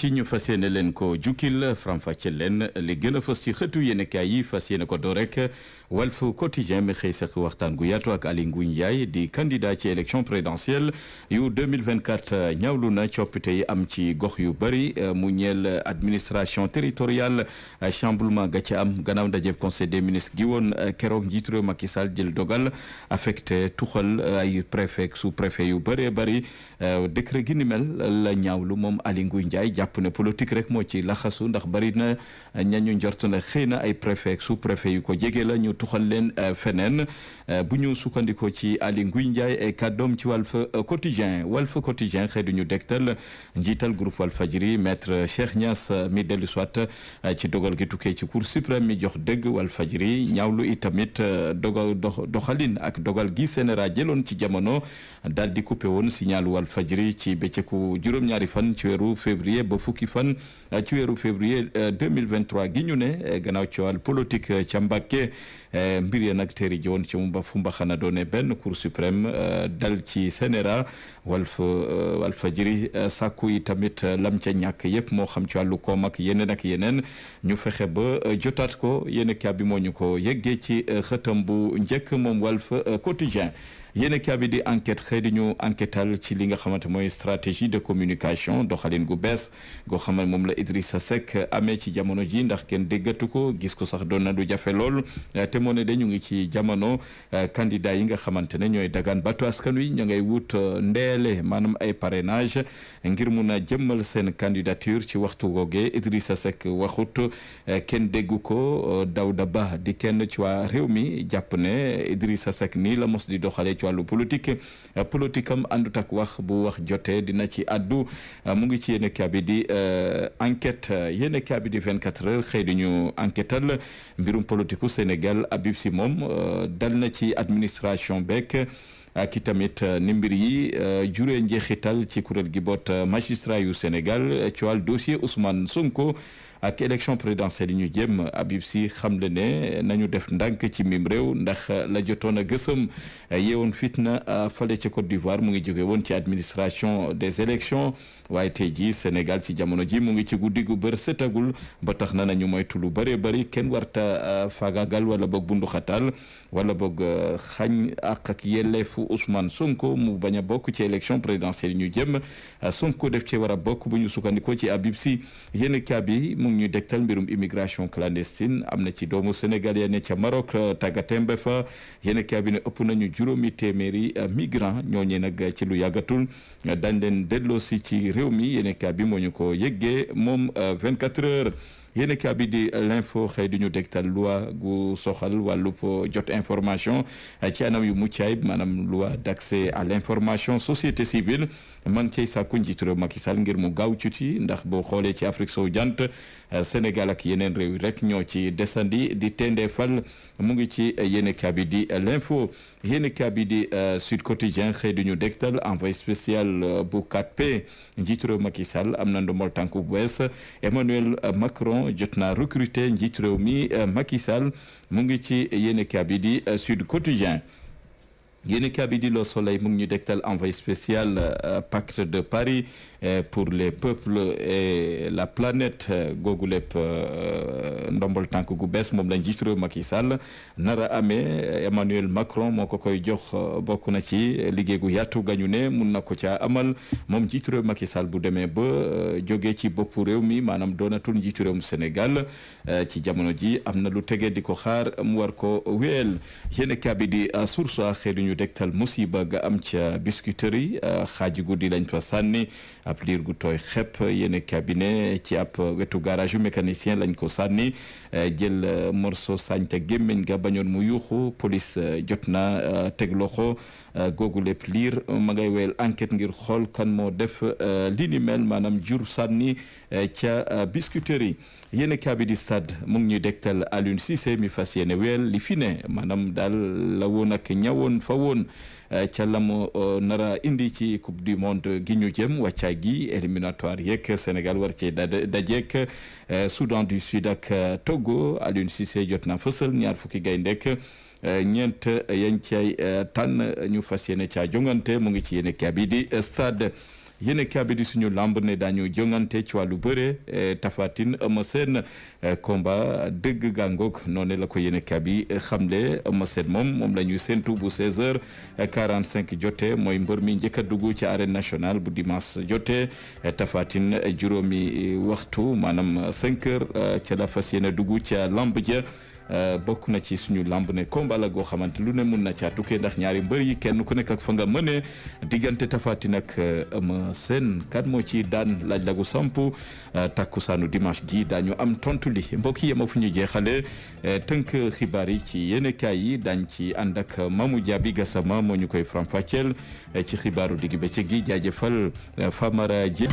ci ñu fas yéene leen ko jukkil faram-fàcceel leen li gën fas fës ci xëtu yéenekaay yi fas yéene ko doo rek fu Quotidien mi xëy sax waxtaan gu yaatu ak Aly Ngouille Ndiaye di candidat ci élection présidentielle yu 2024 ñaawlu na coppite yi am ci gox yu bëri mu ñeel administration territoriale chamboulement ga ci am gannaaw ndajeb conseil des ministre gi woon keroog njiitu réew Macky Sall jël dogal affecté tuxal ay préfet sous préfet yu bëree bëri décret gi ni mel la ñaawlu moom Aly Ngouille Ndiaye jàpp ne politique rek moo ci laxasu ndax bari na ñañu njort na xëy na ay préfet sous préfet yu ko jege la ñu tuxal leen euh, feneen euh, bu ñu sukkandikoo ci Aly Ngouille Ndiaye ay kàddoom ci Walf Quotidien Walf Quotidien xëy du ñu dégtal njiital groupe Walfadjri maître Cheikh Niass euh, mi dellu soit ci dogal gi tukkee ci cour suprême mi jox dëgg Walfadjri ñaawlu itamit dogal doxalin ak dogal gi CNRA jëloon ci jamono daal di coupé woon signal Walfadjri ci bëccëgu juróom-ñaari fan ci weeru février ba fukki fan euh, ci weeru février 2023 euh, gi ñu ne euh, gannaaw ci wàll politique ca Mbàkke mbir ya nag teeri joon ci mu ba fu mbaxana doone benn cour suprême dal ci sénéra Walf Walfadjri sàkku yi tamit lam ca ñàkk yëpp moo xam ci wàllu koom ak yeneen ak yeneen ñu fexe ba jotaat ko yéen a bi moo ñu ko yeggee ci xëtam bu njëkk moom Walf Quotidien yéen a bi di enquête xëy di ñu enquêtal ci li nga xamante mooy stratégie de communication doxalin gu bees goo xam ne moom la Idrissa Seck amee ci jamono ji ndax kenn déggatu ko gis ko sax doon na du jafe lool te moo ne ñu ngi ci jamono euh, candidat yi nga xamante ne ñooy dagaan batu askan wi ña ngay wut euh, ndeele maanaam ay parrainage ngir mun a jëmmal seen candidature ci waxtu googee Idrissa Seck waxut euh, kenn déggu ko Dawda Ba di kenn ci waa réew mi jàpp ne Idrissa Seck nii la mos di doxalee ci wàllu politique euh, politique am àndut ak wax bu wax jote dina ci addu euh, mu ngi ci yéen kaabi di euh, enquête yéen kaabi di 24 heures xëy di ñu enquêtal mbirum politique u Sénégal Habib mom moom dal na ci administration beek ak itamit ni mbir yi juree njeexital ci kuréel gi boot magistrat Sénégal ci wàllu dossier Ousmane Sonko. ak élection présidentielle yi ñu jëm Habib xam la ne nañu def ndànk ci mim réew ndax la jotoon a gësam yeewoon fitna euh, fale ci Côte d'Ivoire mu ngi jóge woon ci administration des élections waaye tey jii Sénégal ci jamono ji mu ngi ci guddi gu bër setagul ba tax na nañu moytu lu bëree bari kenn warta euh, fagagal wala boog bunduxatal wala boog euh, xañ ak ak yelleefu Ousmane Sonko mu bañ a bokk ci élection présidentielle yi ñu jëm Sonko def ci war a bokk bu ñu sukkandikoo ci Habib ñu ngi ñuy dégtal mbirum immigration clandestine am na ci doomu Sénégal ya ne ca Maroc tàggatémbe fa yéen cabinet ëpp nañu juróomi téeméeri euh, migrant ñooñu nag ci lu yàggatul dañ leen si ci réew mi yéen bi moo ñu ko yëggee moom euh, vingt quatre heures. yéen a bi di l'info xëy du ñu dégtal loi gu soxal wàllub jot information ci anam yu mucc ayib maanaam loi d'accès à l'information société civile ma ngi cay sàkku njiitu réew Macky Sall ngir mu gaaw ci ci ndax boo xoolee ci Afrique soowu jant Sénégal ak yeneen réew yi rek ñoo ci desandi di tendeefal mu ngi ci yéen a bi di l'info yéen a bi di euh, Sud Quotidien xëy du ñu dégtal envoyé spécial euh, bu 4P njiitu réew Sall am na ndombol tànku bu bees Emmanuel Macron. Mélenchon jot naa recruter njiit réew mi euh, Macky Sall mu ngi ci yéenekaay bi di euh, Sud Quotidien yéen kabi di Le Soleil mu ngi ñu dégtal envoyé spécial euh, pacte de Paris euh, pour les peuples e la planet googu lépp euh, ndombol tànk gu bees moom la njiitu réew Macky Sall nara ame Emmanuel Macron moo ko koy jox bokk na ci liggéey gu yaatu gañu ne mun na ko caa amal moom njiitu réew Macky Sall bu demee ba jógee ci boppu réew mi maanaam doonatul njiitu réewum Sénégal ci jamono ji am na lu tegee di ko xaar mu war ko wéyal yéen kabi di source xëy ñu dektal musiba ga am ca biscuiterie euh, xaaj guddi lañ fa sànni ab liir gu tooy xepp yéen cabinet ci ab wetu garage yu mécanicien lañ ko sànni euh, jël euh, morceau sañ te gémmiñ ga bañoon mu yuuxu police jot na teg loxo googu lépp liir ma ngay wéyal enquête ngir xool kan moo def li ni maanaam jur sànni ca biscuiterie yéen kaabi di stade mu ngi ñuy dektal Aliou Cissé mi fas yéene wéyal li fi ne maanaam la woon ñawoon faw woon eh, ca la mu eh, nara indi ci coupe du monde gi ñu jëm wàccaa gi éliminatoire yeeg Sénégal war cee dajeek eh, Soudan du Sud ak Togo Aliou Cissé jot na fësal ñaar fukki gayndek ñeent yañ cay tànn ñu fas yéene ca jongante mu ngi ci yéene yéen kaabi di suñu lamb ne daañu jongante ci wàllu bëre eh, tafatin Eumeu eh, Sène eh, combat dëgg gàngoog noonu la ko yéen kaabi xamle Eumeu Sène moom moom la ñuy séntu bu 16 h cinq jote mooy mbër mi njëkk a dugg ci arène nationale bu dimanche jote tafaatin juróomi waxtu maanaam cinq h ca la fas yéene dugg ca lamb ja Euh, bokk na ci suñu lamb ne combat la goo xamante lu ne mun na caa tukkee ndax ñaari mbër yi kenn ku nekk ak fa nga mënee diggante Tapha Tine ak euh, Eumeu Sène kan moo ci daan laaj lagu euh, takku saanu dimanche jii daañu am tontu li mbokk yi yema fu ñu jeexale tënk xibaar yi ci yéenekaay yi dañ ci ànd ak Mamou Diaby Gassama moo ñu koy faram ci xibaaru digg bëccëg gi jaajëfal Famara Dieng